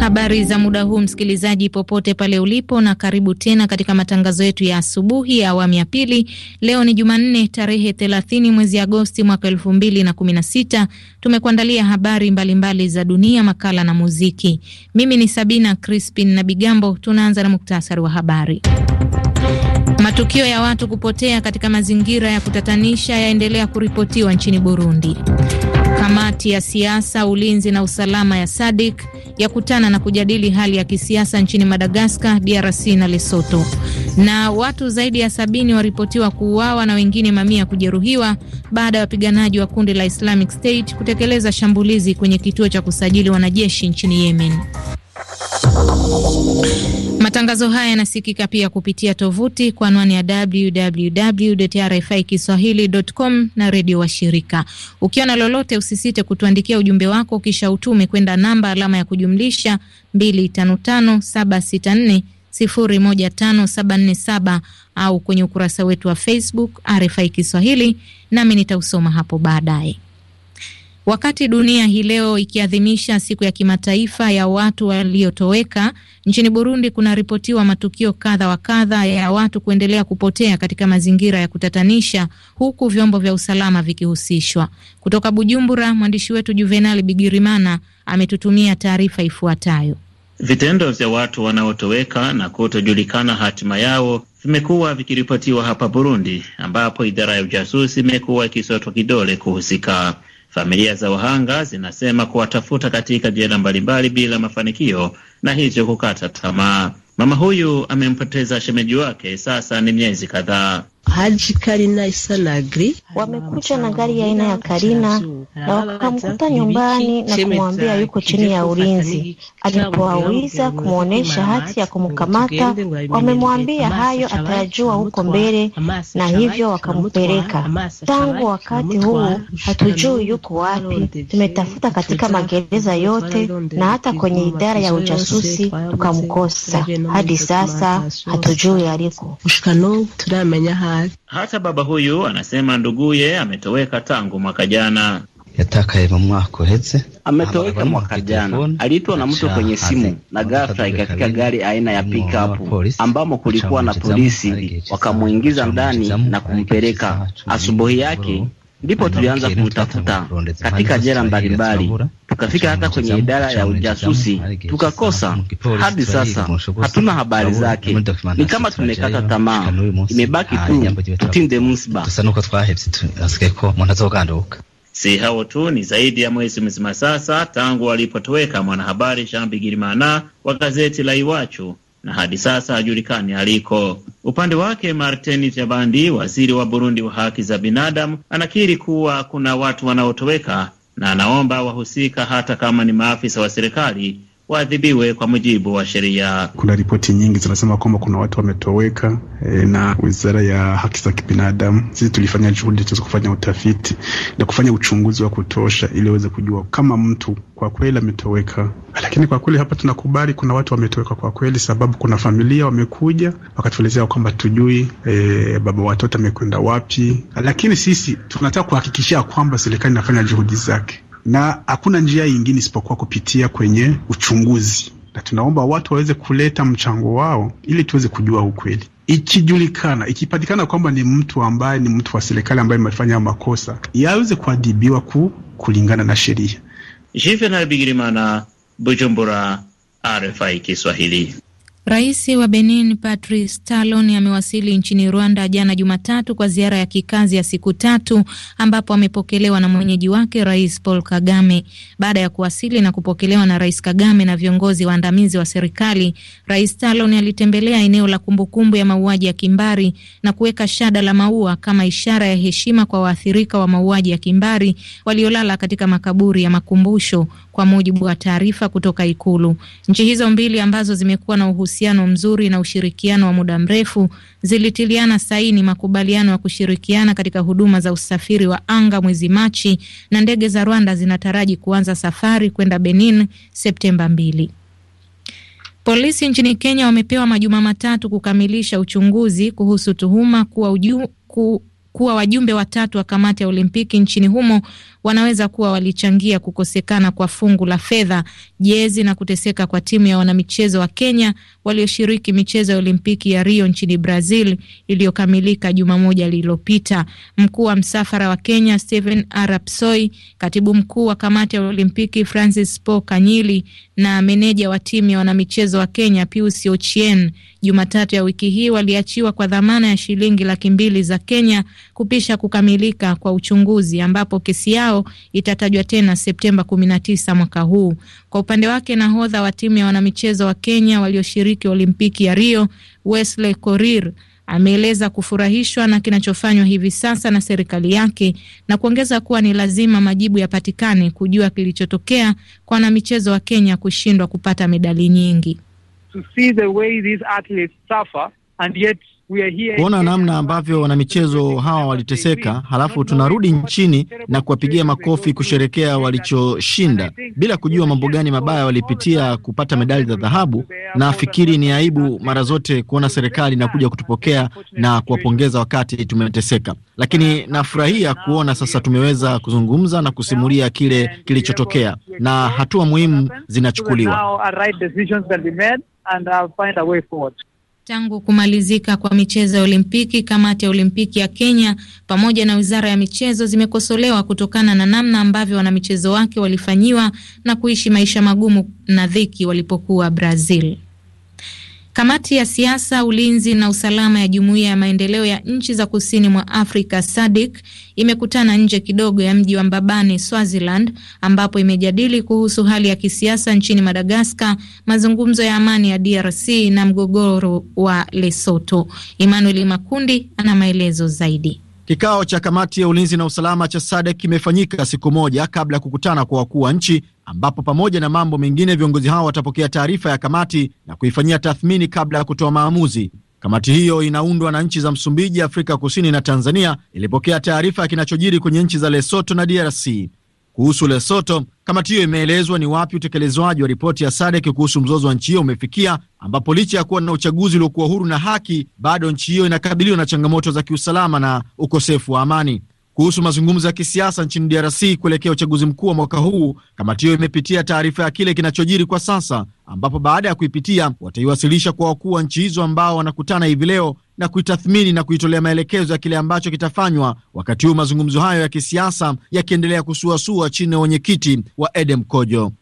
Habari za muda huu msikilizaji, popote pale ulipo, na karibu tena katika matangazo yetu ya asubuhi ya awamu ya pili. Leo ni Jumanne tarehe 30 mwezi Agosti mwaka 2016. Tumekuandalia habari mbalimbali mbali za dunia, makala na muziki. Mimi ni Sabina Crispin na Bigambo. Tunaanza na muktasari wa habari. Matukio ya watu kupotea katika mazingira ya kutatanisha yaendelea kuripotiwa nchini Burundi. Kamati ya siasa, ulinzi na usalama ya SADC yakutana na kujadili hali ya kisiasa nchini Madagaskar, DRC na Lesotho. Na watu zaidi ya sabini waripotiwa kuuawa na wengine mamia kujeruhiwa baada ya wapiganaji wa kundi la Islamic State kutekeleza shambulizi kwenye kituo cha kusajili wanajeshi nchini Yemen. Matangazo haya yanasikika pia kupitia tovuti kwa anwani ya www RFI kiswahilicom na redio wa shirika. Ukiwa na lolote, usisite kutuandikia ujumbe wako, kisha utume kwenda namba alama ya kujumlisha 255764015747 au kwenye ukurasa wetu wa Facebook RFI Kiswahili, nami nitausoma hapo baadaye. Wakati dunia hii leo ikiadhimisha siku ya kimataifa ya watu waliotoweka, nchini Burundi kunaripotiwa matukio kadha wa kadha ya watu kuendelea kupotea katika mazingira ya kutatanisha, huku vyombo vya usalama vikihusishwa. Kutoka Bujumbura, mwandishi wetu Juvenali Bigirimana ametutumia taarifa ifuatayo. Vitendo vya watu wanaotoweka na kutojulikana hatima yao vimekuwa vikiripotiwa hapa Burundi, ambapo idara ya ujasusi imekuwa ikisotwa kidole kuhusika. Familia za wahanga zinasema kuwatafuta katika jela mbalimbali bila mafanikio na hivyo kukata tamaa. Mama huyu amempoteza shemeji wake sasa ni miezi kadhaa. Haji Karina Isanagri wamekuja na gari ya aina ya Karina na wakamkuta nyumbani na kumwambia yuko chini ya ulinzi. Alipowauliza kumwonyesha hati ya kumkamata, wamemwambia hayo atayajua huko mbele, na hivyo wakampeleka. Tangu wakati huu hatujui yuko wapi. Tumetafuta katika magereza yote na hata kwenye idara ya ujasusi tukamkosa. Hadi sasa hatujui aliko. Hata baba huyu anasema nduguye ametoweka tangu mwaka jana. Ametoweka mwaka jana, aliitwa na mtu kwenye simu na ghafla ikafika gari aina ya pikapu ambamo kulikuwa na polisi, wakamwingiza ndani na kumpeleka. Asubuhi yake ndipo tulianza kumtafuta katika jela mbalimbali, tukafika hata kwenye idara ya ujasusi tukakosa. Hadi sasa hatuna habari zake, ni kama tumekata tamaa. Imebaki tu tutinde msiba. Si hao tu, ni zaidi ya mwezi mzima sasa tangu walipotoweka mwanahabari Jean Bigirimana wa gazeti la Iwachu na hadi sasa hajulikani aliko. Upande wake, Martin Chabandi, waziri wa Burundi wa haki za binadamu, anakiri kuwa kuna watu wanaotoweka na anaomba wahusika, hata kama ni maafisa wa serikali, waadhibiwe kwa mujibu wa sheria. Kuna ripoti nyingi zinasema kwamba kuna watu wametoweka, e, na wizara ya haki za kibinadamu, sisi tulifanya juhudi tuweze kufanya utafiti na kufanya uchunguzi wa kutosha, ili waweze kujua kama mtu kwa kweli ametoweka. Lakini kwa kweli hapa tunakubali kuna watu wametoweka kwa kweli, sababu kuna familia wamekuja wakatuelezea kwamba tujui, e, eh, baba watoto amekwenda wapi, lakini sisi tunataka kuhakikishia kwamba serikali inafanya juhudi zake na hakuna njia yingine isipokuwa kupitia kwenye uchunguzi, na tunaomba watu waweze kuleta mchango wao ili tuweze kujua ukweli. Ikijulikana, ikipatikana kwamba ni mtu ambaye ni mtu wa serikali ambaye amefanya makosa, yaweze kuadhibiwa ku, kulingana na sheria. Juvenal Bigirimana, Bujumbura, RFI Kiswahili. Rais wa Benin Patrice Talon amewasili nchini Rwanda jana Jumatatu kwa ziara ya kikazi ya siku tatu ambapo amepokelewa na mwenyeji wake Rais Paul Kagame. Baada ya kuwasili na kupokelewa na Rais Kagame na viongozi waandamizi wa serikali, Rais Talon alitembelea eneo la kumbukumbu ya mauaji ya kimbari na kuweka shada la maua kama ishara ya heshima kwa waathirika wa mauaji ya kimbari waliolala katika makaburi ya makumbusho kwa mujibu wa taarifa kutoka Ikulu. Nchi hizo mbili ambazo zimekuwa na uhusiano mzuri na ushirikiano wa muda mrefu zilitiliana saini makubaliano ya kushirikiana katika huduma za usafiri wa anga mwezi Machi, na ndege za Rwanda zinataraji kuanza safari kwenda Benin Septemba mbili. Polisi nchini Kenya wamepewa majuma matatu kukamilisha uchunguzi kuhusu tuhuma kuwa uju, ku, kuwa wajumbe watatu wa kamati ya Olimpiki nchini humo wanaweza kuwa walichangia kukosekana kwa fungu la fedha, jezi na kuteseka kwa timu ya wanamichezo wa Kenya walioshiriki michezo ya Olimpiki ya Rio nchini Brazil iliyokamilika juma moja lililopita. Mkuu wa msafara wa Kenya Stephen arapsoi katibu mkuu wa kamati ya Olimpiki Francis Po Kanyili na meneja wa timu ya wanamichezo wa Kenya Pius Ochien Jumatatu ya wiki hii waliachiwa kwa dhamana ya shilingi laki mbili za Kenya kupisha kukamilika kwa uchunguzi ambapo kesi yao yao itatajwa tena Septemba 19 mwaka huu. Kwa upande wake, nahodha wa timu ya wanamichezo wa Kenya walioshiriki Olimpiki ya Rio, Wesley Korir ameeleza kufurahishwa na kinachofanywa hivi sasa na serikali yake na kuongeza kuwa ni lazima majibu yapatikane kujua kilichotokea kwa wanamichezo wa Kenya kushindwa kupata medali nyingi. To see the way these athletes suffer and yet kuona namna ambavyo wanamichezo hawa waliteseka, halafu tunarudi nchini na kuwapigia makofi kusherekea walichoshinda bila kujua mambo gani mabaya walipitia kupata medali za dhahabu. nafikiri ni aibu mara zote kuona serikali inakuja kutupokea na kuwapongeza wakati tumeteseka, lakini nafurahia kuona sasa tumeweza kuzungumza na kusimulia kile kilichotokea na hatua muhimu zinachukuliwa. Tangu kumalizika kwa michezo ya Olimpiki, kamati ya Olimpiki ya Kenya pamoja na wizara ya michezo zimekosolewa kutokana na namna ambavyo wanamichezo wake walifanyiwa na kuishi maisha magumu na dhiki walipokuwa Brazil. Kamati ya siasa, ulinzi na usalama ya Jumuiya ya Maendeleo ya Nchi za Kusini mwa Afrika SADC imekutana nje kidogo ya mji wa Mbabane, Swaziland, ambapo imejadili kuhusu hali ya kisiasa nchini Madagaskar, mazungumzo ya amani ya DRC na mgogoro wa Lesotho. Emmanuel Makundi ana maelezo zaidi. Kikao cha kamati ya ulinzi na usalama cha SADC kimefanyika siku moja kabla ya kukutana kwa wakuu wa nchi, ambapo pamoja na mambo mengine viongozi hao watapokea taarifa ya kamati na kuifanyia tathmini kabla ya kutoa maamuzi. Kamati hiyo inaundwa na nchi za Msumbiji, Afrika Kusini na Tanzania. Ilipokea taarifa ya kinachojiri kwenye nchi za Lesotho na DRC. Kuhusu Lesoto, kamati hiyo imeelezwa ni wapi utekelezwaji wa ripoti ya sadek kuhusu mzozo wa nchi hiyo umefikia, ambapo licha ya kuwa na uchaguzi uliokuwa huru na haki, bado nchi hiyo inakabiliwa na changamoto za kiusalama na ukosefu wa amani kuhusu mazungumzo ya kisiasa nchini DRC kuelekea uchaguzi mkuu wa mwaka huu. Kamati hiyo imepitia taarifa ya kile kinachojiri kwa sasa, ambapo baada ya kuipitia wataiwasilisha kwa wakuu wa nchi hizo ambao wanakutana hivi leo na kuitathmini na kuitolea maelekezo ya kile ambacho kitafanywa, wakati huu mazungumzo hayo ya kisiasa yakiendelea kusuasua chini ya wenyekiti wa Edem Kojo.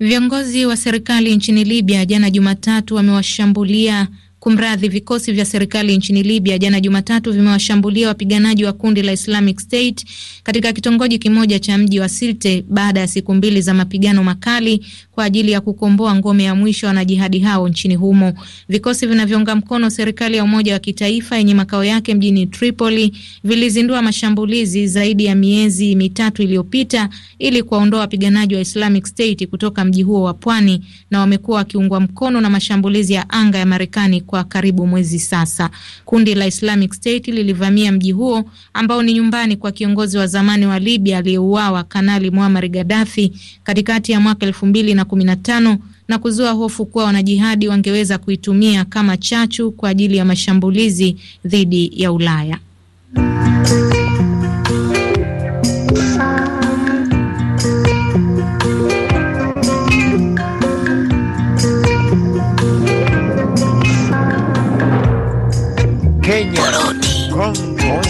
Viongozi wa serikali nchini Libya jana Jumatatu wamewashambulia Kumradhi, vikosi vya serikali nchini Libya jana Jumatatu vimewashambulia wapiganaji wa kundi la Islamic State katika kitongoji kimoja cha mji wa Sirte baada ya siku mbili za mapigano makali kwa ajili ya kukomboa ngome ya mwisho wanajihadi hao nchini humo. Vikosi vinavyounga mkono serikali ya umoja wa kitaifa yenye makao yake mjini Tripoli vilizindua mashambulizi zaidi ya miezi mitatu iliyopita ili kuwaondoa wapiganaji wa Islamic State kutoka mji huo wa pwani, na wamekuwa wakiungwa mkono na mashambulizi ya anga ya Marekani kwa karibu mwezi sasa. Kundi la Islamic State lilivamia mji huo ambao ni nyumbani kwa kiongozi wa zamani wa Libya aliyeuawa Kanali Muammar Gaddafi katikati ya mwaka elfu mbili na kumi na tano na kuzua hofu kuwa wanajihadi wangeweza kuitumia kama chachu kwa ajili ya mashambulizi dhidi ya Ulaya.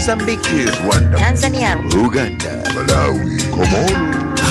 Mozambique, Rwanda, Tanzania, Uganda, Malawi, Komoro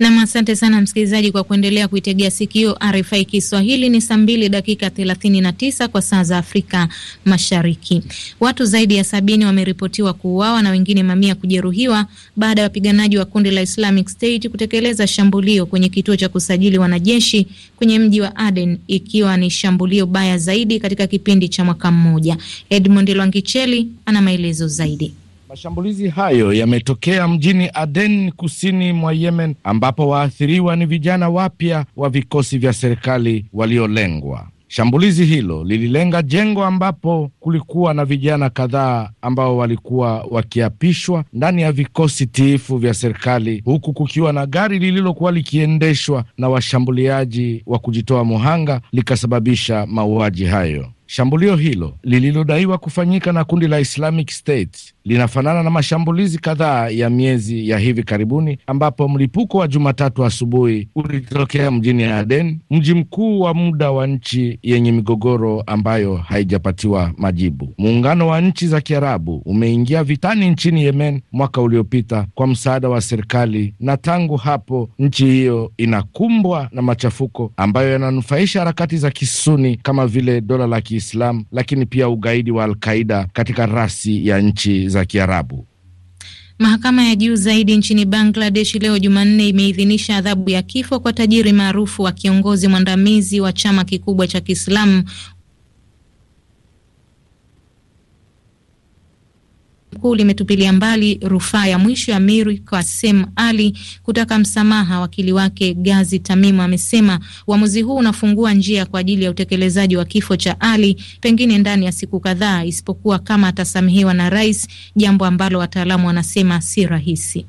Nam, asante sana msikilizaji kwa kuendelea kuitegea sikio RFI Kiswahili. Ni saa mbili dakika thelathini na tisa kwa saa za Afrika Mashariki. Watu zaidi ya sabini wameripotiwa kuuawa na wengine mamia kujeruhiwa baada ya wapiganaji wa kundi la Islamic State kutekeleza shambulio kwenye kituo cha kusajili wanajeshi kwenye mji wa Aden, ikiwa ni shambulio baya zaidi katika kipindi cha mwaka mmoja. Edmond Lwangicheli ana maelezo zaidi. Mashambulizi hayo yametokea mjini Aden kusini mwa Yemen, ambapo waathiriwa ni vijana wapya wa vikosi vya serikali waliolengwa. Shambulizi hilo lililenga jengo ambapo kulikuwa na vijana kadhaa ambao walikuwa wakiapishwa ndani ya vikosi tiifu vya serikali, huku kukiwa na gari lililokuwa likiendeshwa na washambuliaji wa kujitoa muhanga likasababisha mauaji hayo. Shambulio hilo lililodaiwa kufanyika na kundi la Islamic State linafanana na mashambulizi kadhaa ya miezi ya hivi karibuni, ambapo mlipuko wa Jumatatu asubuhi ulitokea mjini Aden, mji mkuu wa muda wa nchi yenye migogoro ambayo haijapatiwa majibu. Muungano wa nchi za Kiarabu umeingia vitani nchini Yemen mwaka uliopita kwa msaada wa serikali, na tangu hapo nchi hiyo inakumbwa na machafuko ambayo yananufaisha harakati za Kisuni kama vile dola laki Kiislam, lakini pia ugaidi wa Alqaida katika rasi ya nchi za Kiarabu. Mahakama ya juu zaidi nchini Bangladesh leo Jumanne imeidhinisha adhabu ya kifo kwa tajiri maarufu wa kiongozi mwandamizi wa chama kikubwa cha Kiislamu kuu limetupilia mbali rufaa ya mwisho ya Miri Kasem Ali kutaka msamaha. Wakili wake Gazi Tamimu amesema uamuzi huu unafungua njia kwa ajili ya utekelezaji wa kifo cha Ali, pengine ndani ya siku kadhaa, isipokuwa kama atasamehewa na rais, jambo ambalo wataalamu wanasema si rahisi.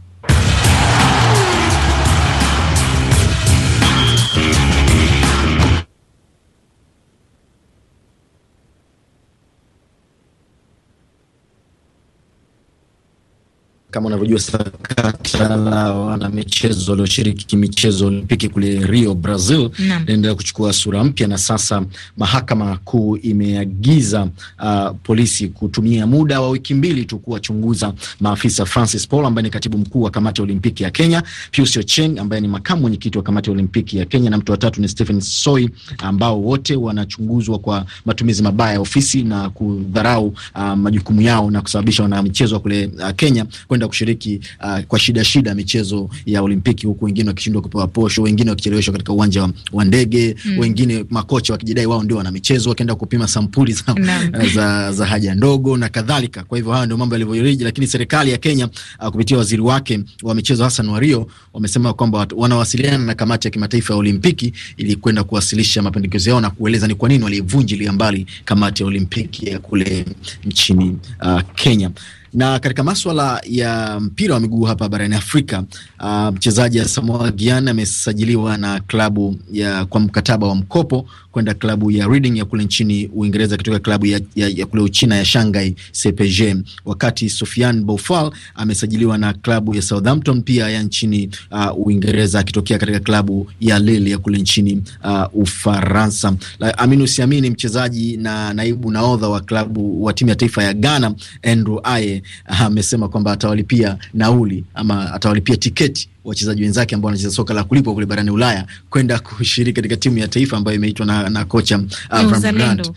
kama unavyojua sakata la wanamichezo walioshiriki michezo Olimpiki kule Rio Brazil inaendelea kuchukua sura mpya, na sasa mahakama kuu imeagiza uh, polisi kutumia muda wa wiki mbili tu kuwachunguza maafisa Francis Paul ambaye ni katibu mkuu wa kamati ya Olimpiki ya Kenya, Pius Ocheng ambaye ni makamu mwenyekiti wa kamati ya Olimpiki ya Kenya, na mtu watatu ni Stephen Soi, ambao wote wanachunguzwa kwa matumizi mabaya ya ofisi na kudharau uh, majukumu yao na kusababisha wanamichezo kule uh, Kenya kwenda kushiriki uh, kwa shida shida michezo ya Olimpiki, huku wengine wakishindwa kupewa posho, wengine wakicheleweshwa katika uwanja wa ndege mm. wengine makocha wakijidai wao ndio wana michezo, wakienda kupima sampuli za, eh, za, za haja ndogo na kadhalika. Kwa hivyo hayo ndio mambo yalivyoriji, lakini serikali ya Kenya uh, kupitia waziri wake wa michezo Hassan Wario wamesema kwamba wanawasiliana na kamati ya kimataifa ya Olimpiki ili kwenda kuwasilisha mapendekezo yao na kueleza ni kwa nini walivunjilia mbali kamati ya Olimpiki ya kule nchini uh, Kenya. Na katika maswala ya mpira wa miguu hapa barani Afrika, uh, mchezaji uh, Asamoah Gyan amesajiliwa na klabu ya kwa mkataba wa mkopo kwenda klabu ya Reading ya kule nchini Uingereza kutoka klabu ya, ya, ya kule Uchina ya Shanghai CPG, wakati sofian Boufal amesajiliwa na klabu ya Southampton pia ya nchini uh, Uingereza akitokea katika klabu ya Lille ya kule nchini uh, Ufaransa. Amini usiamini, mchezaji na naibu naodha wa klabu wa timu ya taifa ya Ghana Andrew Aye amesema kwamba atawalipia nauli ama atawalipia tiketi wachezaji wenzake ambao wanacheza soka la kulipwa kule barani Ulaya kwenda kushiriki katika timu ya taifa ambayo imeitwa na, na kocha Avram uh, Grant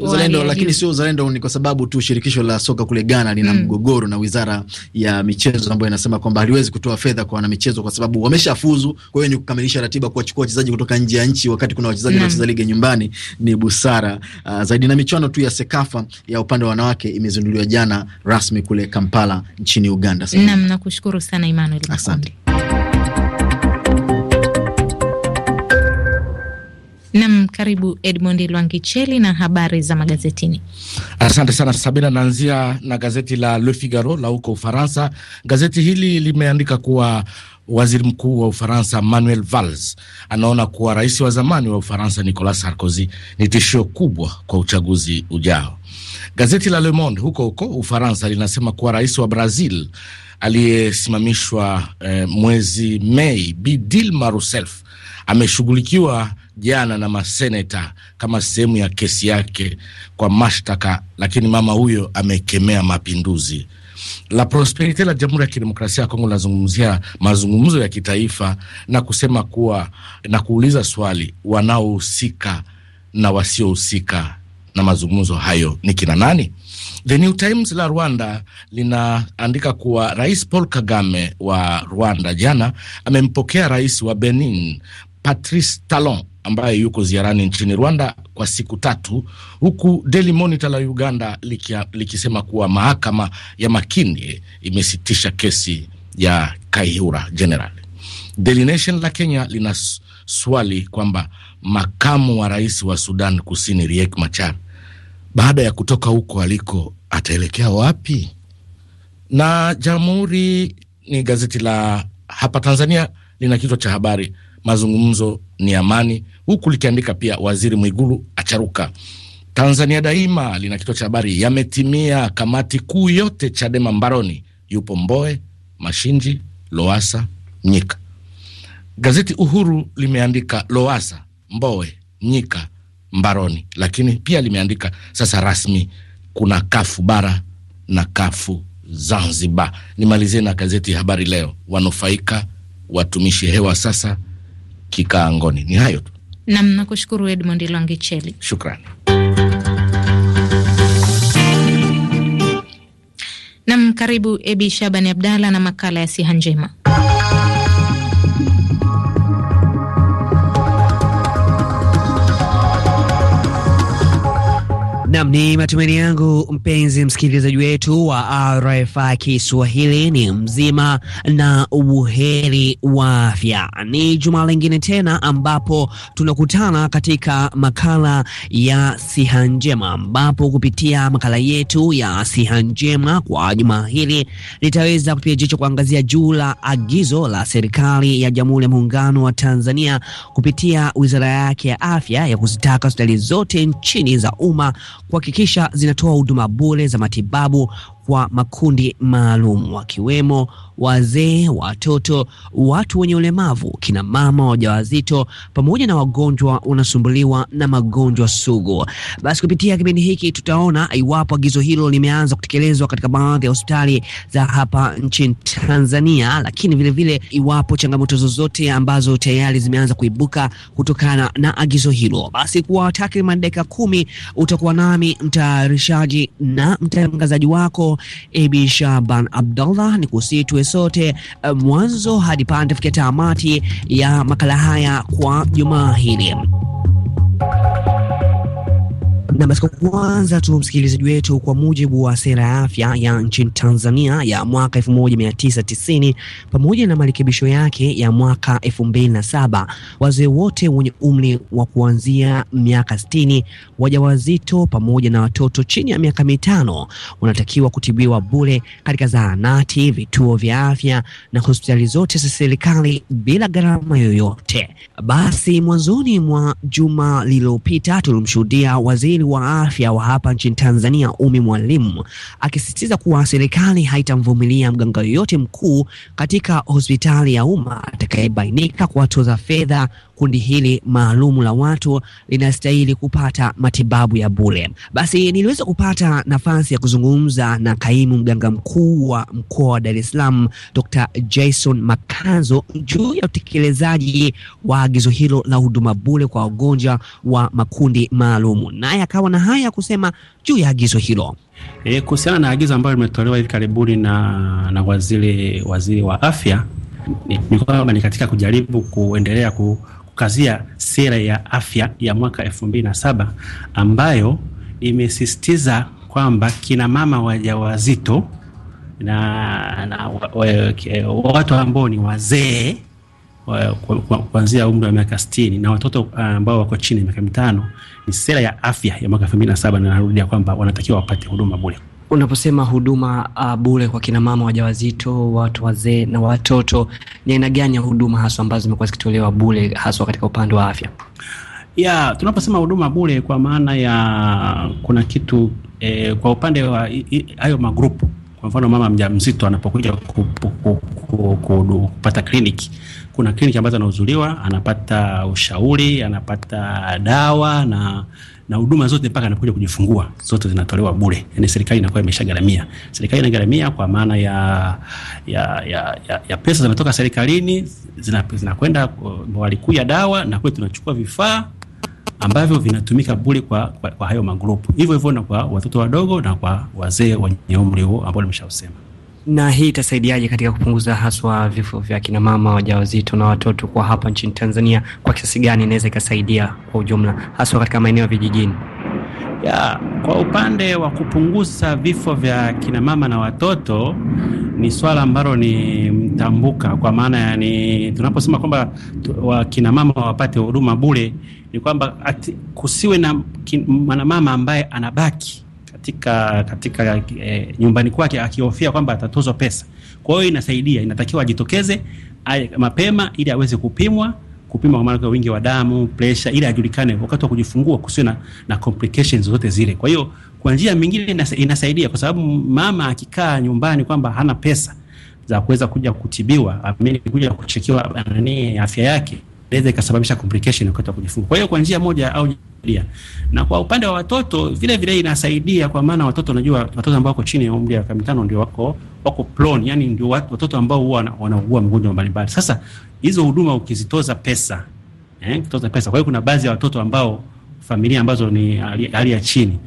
uzalendo lakini sio uzalendo, ni kwa sababu tu shirikisho la soka kule Ghana lina mm, mgogoro na wizara ya michezo ambayo inasema kwamba haliwezi kutoa fedha kwa wanamichezo kwa sababu wameshafuzu. Kwa hiyo ni kukamilisha ratiba, kuwachukua wachezaji kutoka nje ya nchi wakati kuna wachezaji mm. wanacheza ligi nyumbani ni busara uh, zaidi. Na michuano tu ya Sekafa ya upande wa wanawake imezinduliwa jana rasmi kule Kampala nchini Uganda. Naam, nakushukuru sana Emmanuel. Asante. Nam, karibu Edmond Lwangicheli na habari za magazetini. Asante sana Sabina. Naanzia na gazeti la Le Figaro la huko Ufaransa. Gazeti hili limeandika kuwa waziri mkuu wa Ufaransa Manuel Valls anaona kuwa rais wa zamani wa Ufaransa Nicolas Sarkozy ni tishio kubwa kwa uchaguzi ujao. Gazeti la Le Monde huko huko Ufaransa linasema kuwa rais wa Brazil aliyesimamishwa eh, mwezi Mei, Bi Dilma Rousseff ameshughulikiwa jana na maseneta kama sehemu ya kesi yake kwa mashtaka, lakini mama huyo amekemea mapinduzi. La Prosperite la Jamhuri ya Kidemokrasia ya Kongo linazungumzia mazungumzo ya kitaifa na kusema kuwa na kuuliza swali, wanaohusika na wasiohusika na mazungumzo hayo ni kina nani? The New Times la Rwanda linaandika kuwa Rais Paul Kagame wa Rwanda jana amempokea rais wa Benin Patrice Talon ambaye yuko ziarani nchini Rwanda kwa siku tatu, huku Daily Monitor la Uganda likia, likisema kuwa mahakama ya Makindye imesitisha kesi ya Kaihura General. Daily Nation la Kenya lina swali kwamba makamu wa rais wa Sudan Kusini Riek Machar baada ya kutoka huko aliko ataelekea wapi? Na Jamhuri ni gazeti la hapa Tanzania, lina kichwa cha habari mazungumzo ni amani, huku likiandika pia waziri Mwigulu acharuka. Tanzania Daima lina kichwa cha habari yametimia, kamati kuu yote Chadema mbaroni, yupo Mboe, Mashinji, Loasa, Nyika. Gazeti Uhuru limeandika Loasa, Mboe, Mnyika mbaroni, lakini pia limeandika sasa rasmi kuna kafu bara na kafu Zanzibar. Nimalizie na gazeti Habari Leo, wanufaika watumishi hewa sasa kikaangoni. Ni hayo tu nam, nakushukuru Edmond Longicheli, shukrani. Nam, karibu Ebi Shabani Abdalla na makala ya siha njema. Nam, ni matumaini yangu mpenzi msikilizaji wetu wa RFI Kiswahili ni mzima na ubuheri wa afya. Ni juma lingine tena ambapo tunakutana katika makala ya siha njema, ambapo kupitia makala yetu ya siha njema kwa juma hili litaweza kupia jicho kuangazia juu la agizo la serikali ya Jamhuri ya Muungano wa Tanzania kupitia wizara yake ya afya ya kuzitaka hospitali zote nchini za umma kuhakikisha zinatoa huduma bure za matibabu kwa makundi maalum wakiwemo wazee, watoto, watu wenye ulemavu, kina mama wajawazito, pamoja na wagonjwa wanasumbuliwa na magonjwa sugu. Basi kupitia kipindi hiki tutaona iwapo agizo hilo limeanza kutekelezwa katika baadhi ya hospitali za hapa nchini Tanzania, lakini vilevile vile, iwapo changamoto zozote ambazo tayari zimeanza kuibuka kutokana na agizo hilo. Basi kwa takriban dakika kumi utakuwa nami mtayarishaji na mtangazaji wako ibi Abi Shaban Abdallah, ni kusitwe sote eh, mwanzo hadi pande kufikia tamati ya makala haya kwa jumaa hili. Na basi kwa kwanza tu msikilizaji wetu, kwa mujibu wa sera ya afya ya nchini Tanzania ya mwaka 1990 pamoja na marekebisho yake ya mwaka 2007, wazee wote wenye umri wa kuanzia miaka 60, wajawazito pamoja na watoto chini ya miaka mitano wanatakiwa kutibiwa bure katika zahanati, vituo vya afya na hospitali zote za serikali bila gharama yoyote. Basi mwanzoni mwa juma lililopita tulimshuhudia waziri waziri wa afya wa hapa nchini Tanzania Umi Mwalimu akisisitiza kuwa serikali haitamvumilia mganga yoyote mkuu katika hospitali ya umma atakayebainika kuwatoza fedha kundi hili maalumu la watu linastahili kupata matibabu ya bure. Basi niliweza kupata nafasi ya kuzungumza na kaimu mganga mkuu wa mkoa wa Dar es Salaam Dr. Jason Makanzo juu ya utekelezaji wa agizo hilo la huduma bure kwa wagonjwa wa makundi maalumu, naye akawa na haya kusema juu ya agizo hilo. E, kuhusiana na agizo ambayo limetolewa hivi karibuni na, na waziri waziri wa afya ni, kwamba ni katika kujaribu kuendelea ku, kukazia sera ya afya ya mwaka elfu mbili na saba ambayo imesisitiza kwamba kina mama wajawazito na, na wa, wa, watu ambao ni wazee kuanzia umri wa miaka 60 na watoto uh, ambao wako chini ya miaka mitano. Ni sera ya afya ya mwaka 2007 na narudia kwamba wanatakiwa wapate huduma bure. Unaposema huduma uh, bure kwa kina mama wajawazito, watu wazee na watoto, ni aina gani ya huduma haswa ambazo zimekuwa zikitolewa bure haswa katika upande wa afya? Ya, tunaposema huduma bure kwa maana ya kuna kitu eh, kwa upande wa hayo magrupu, kwa mfano mama mjamzito anapokuja kupata kliniki kuna kliniki ambazo anahudhuriwa, anapata ushauri, anapata dawa na na huduma zote mpaka anapokuja kujifungua zote zinatolewa bure. Yani serikali inakuwa imeshagharamia, serikali inagharamia kwa maana ya, ya, ya, ya, ya pesa zimetoka serikalini zinakwenda mawali kuu ya dawa, na kwetu tunachukua vifaa ambavyo vinatumika bure kwa, kwa, kwa hayo magrupu. Hivyo hivyo na kwa watoto wadogo na kwa wazee wenye umri huo ambao nimeshausema. Na hii itasaidiaje katika kupunguza haswa vifo vya kina mama wajawazito na watoto kwa hapa nchini Tanzania? Kwa kiasi gani inaweza ikasaidia kwa ujumla, haswa katika maeneo ya vijijini? Ya, kwa upande wa kupunguza vifo vya kina mama na watoto ni swala ambalo ni mtambuka, kwa maana yani, tunaposema kwamba wakina mama wapate huduma bure, ni kwamba kusiwe na mwanamama ambaye anabaki katika, katika e, nyumbani kwake akihofia kwamba atatozwa pesa. Kwa hiyo inasaidia, inatakiwa ajitokeze mapema ili aweze kupimwa kupima kwa maana wingi wa damu, pressure, ili ajulikane wakati wa kujifungua kusiwe na, na complications zote zile. Kwa hiyo kwa njia mingine inasaidia, kwa sababu mama akikaa nyumbani kwamba hana pesa za kuweza kuja kutibiwa, amini kuja kuchekiwa nani afya yake, inaweza ikasababisha complication wakati wa kujifungua. Kwa hiyo kwa njia moja au na kwa upande wa watoto vile vile inasaidia kwa maana watoto unajua watoto ambao wako chini ya umri wa miaka mitano ndio wako wako prone, yani ndio watoto ambao huwa wanaugua magonjwa mbalimbali. Sasa hizo huduma ukizitoza pesa eh, kutoza pesa. Kwa hiyo kuna baadhi ya watoto ambao familia ambazo ni hali ya chini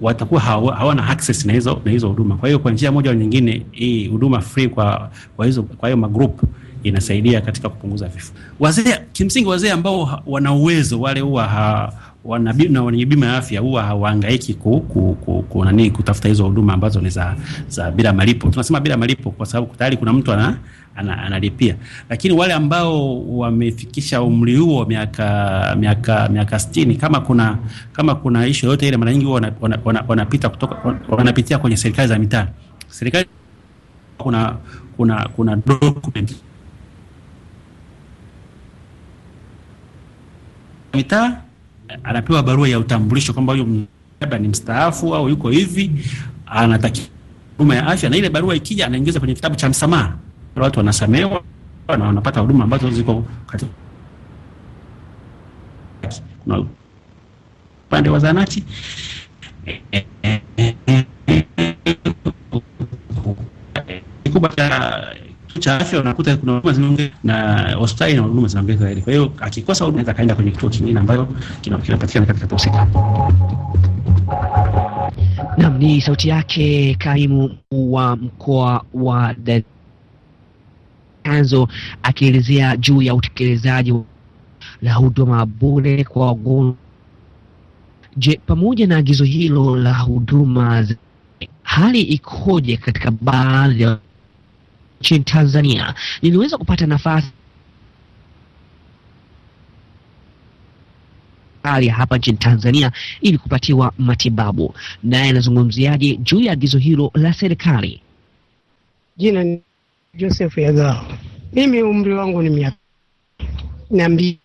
watakuwa hawana access na hizo na hizo huduma. Kwa hiyo kwa njia moja au nyingine, hii huduma free kwa kwa hizo kwa hiyo magroup inasaidia katika kupunguza vifo. Wazee kimsingi, wazee ambao wana uwezo wale huwa wana na wenye bima ya afya huwa hawahangaiki ku, ku, ku, ku nani kutafuta hizo huduma ambazo ni za, za bila malipo. Tunasema bila malipo kwa sababu tayari kuna mtu ana, ana, analipia, lakini wale ambao wamefikisha umri huo miaka miaka miaka sitini, kama kuna kama kuna ishu yoyote ile, mara nyingi huwa wanapita wana, wana, kutoka wanapitia kwenye serikali za mitaa. Serikali kuna kuna kuna document mitaa anapewa barua ya utambulisho kwamba huyo labda ni mstaafu au yuko hivi, anatakiwa huduma ya afya, na ile barua ikija, anaingiza kwenye kitabu cha msamaha, watu wanasamehewa na wanapata huduma ambazo ziko katika kuna upande wa zanati kikubwa cha cha afya unakuta kuna huduma zinaongezeka na hospitali na huduma zinaongezeka zaidi. Kwa hiyo akikosa huduma anaweza kaenda kwenye kituo kingine ambayo kinapatikana katika husika. Naam, ni sauti yake kaimu wa mkoa wa Chanzo akielezea juu ya utekelezaji la huduma bure kwa wagonjwa. Je, pamoja na agizo hilo la huduma, hali ikoje katika baadhi ya nchini Tanzania, niliweza kupata nafasi hali hapa nchini Tanzania ili kupatiwa matibabu. Naye anazungumziaje juu ya agizo hilo la serikali? Jina ni Joseph Yagao. Mimi umri wangu ni miaka na mbili.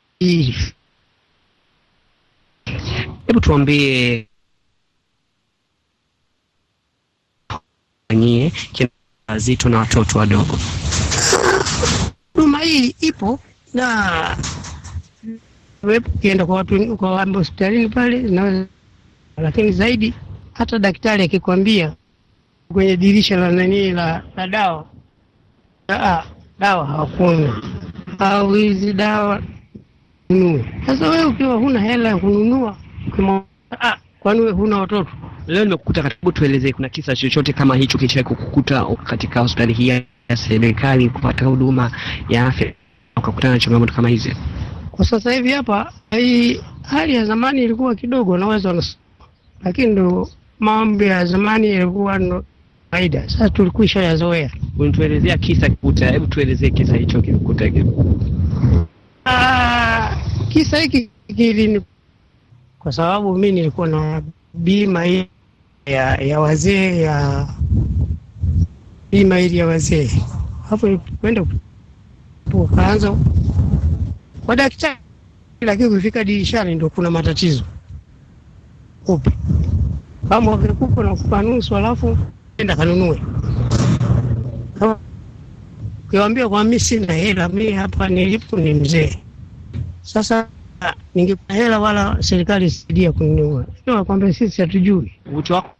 Hebu tuambie nyie wazito na watoto wadogo. Huduma hii ipo na wepo ukienda kwa watu kwa wambo hospitalini pale zinaweza, lakini zaidi hata daktari akikwambia kwenye dirisha la nani la, la dawa Aa, dawa hakuna au hizi dawa nunue. Sasa wewe ukiwa huna hela ya kununua, kwani wewe huna watoto Leo nimekukuta katibu, tueleze, kuna kisa chochote kama hicho kicha kukukuta katika hospitali hii ya serikali kupata huduma ya afya ukakutana na changamoto kama hizi? Kwa sasa hivi hapa hii hali ya zamani ilikuwa kidogo naweza nas, lakini ndo mambo ya zamani ilikuwa ndo kawaida, sasa tulikwisha yazoea. Unituelezea kisa kikuta, hebu tuelezee kisa hicho kikuta. Ah, kisa hiki kilini, kwa sababu mimi nilikuwa na bima hii ya, ya wazee ya bima ili ya wazee hapo kwenda ukaanza kwa daktari, lakini kufika dirishani ndo kuna matatizo upi kama wakikupa na kupa nusu, alafu enda kanunue. Ukiwaambia kwa mimi sina hela, mimi hapa nilipo ni mzee, sasa ningekuwa hela wala serikali saidia kununua, nakwambia sisi hatujui. Wito wako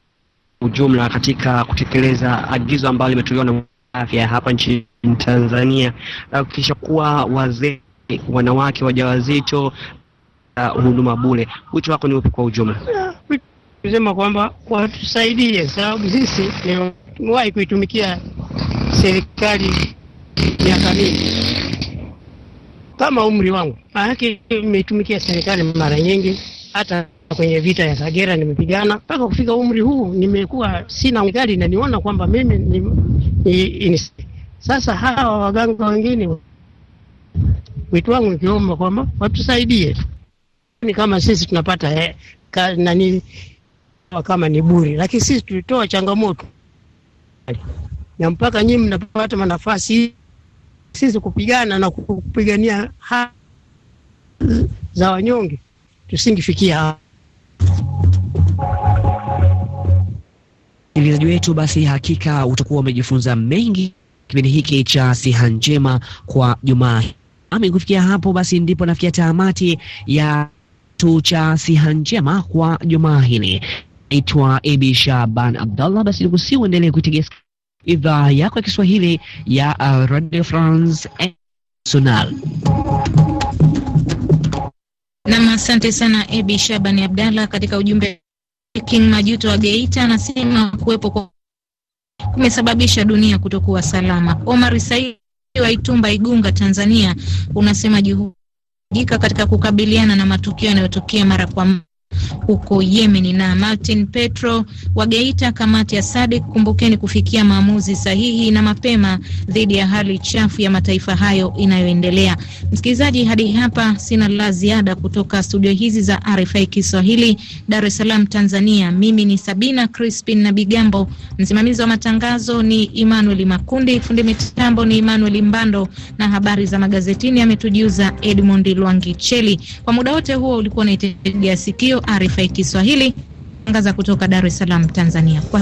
ujumla katika kutekeleza agizo ambalo limetolewa na afya hapa nchini Tanzania na kuhakikisha kuwa wazee, wanawake wajawazito uh, huduma bure. Wito wako ni upi kwa ujumla? Kusema kwamba watusaidie, sababu sisi nimewahi kuitumikia serikali miaka mingi kama umri wangu, maanake imeitumikia serikali mara nyingi hata kwenye vita ya Kagera nimepigana mpaka kufika umri huu, nimekuwa sina gari na niona kwamba mimi ni, ni, ni, sasa hawa waganga wengine, wito wangu nikiomba kwamba watusaidie, ni kama sisi tunapata eh, ka, nani kama ni bure, lakini sisi tulitoa changamoto na mpaka nyinyi mnapata manafasi sisi kupigana na kupigania haki za wanyonge tusingifikia msikilizaji wetu, basi hakika utakuwa umejifunza mengi kipindi hiki cha siha njema kwa Jumaa. Ami, kufikia hapo basi ndipo nafikia tamati ya tu cha siha njema kwa Jumaa hili. Naitwa Abi Shaban Abdallah. Basi nikusihi uendelee kuitegea idhaa yako ya Kiswahili ya uh, Radio France International. Nam, asante sana Abi Shabani Abdallah katika ujumbe King Majuto wa Geita anasema kuwepo kwa kumesababisha dunia kutokuwa salama. Omar Said wa Itumba, Igunga, Tanzania unasema juhudi katika kukabiliana na matukio yanayotokea mara kwa mara huko Yemen. Na Martin Petro wageita kamati ya SADC, kumbukeni kufikia maamuzi sahihi na mapema dhidi ya hali chafu ya mataifa hayo inayoendelea. Msikilizaji, hadi hapa sina la ziada kutoka studio hizi za RFI Kiswahili, Dar es Salaam, Tanzania. Mimi ni Sabina Crispin na Bigambo, msimamizi wa matangazo ni Emmanuel Makundi, fundi mitambo ni Emmanuel Mbando, na habari za magazetini ametujuza Edmond Lwangicheli. Kwa muda wote huo ulikuwa unaitegea sikio RFI RFI Kiswahili tangaza kutoka Dar es Salaam, Tanzania. Kwa...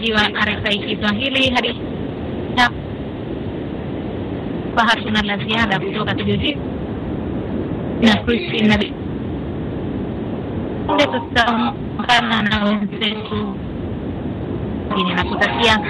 msikilizaji wa RFI Kiswahili hadi kwa hatuna la ziada kutoka studio na Christina nde tutaungana na wenzetu na kutakia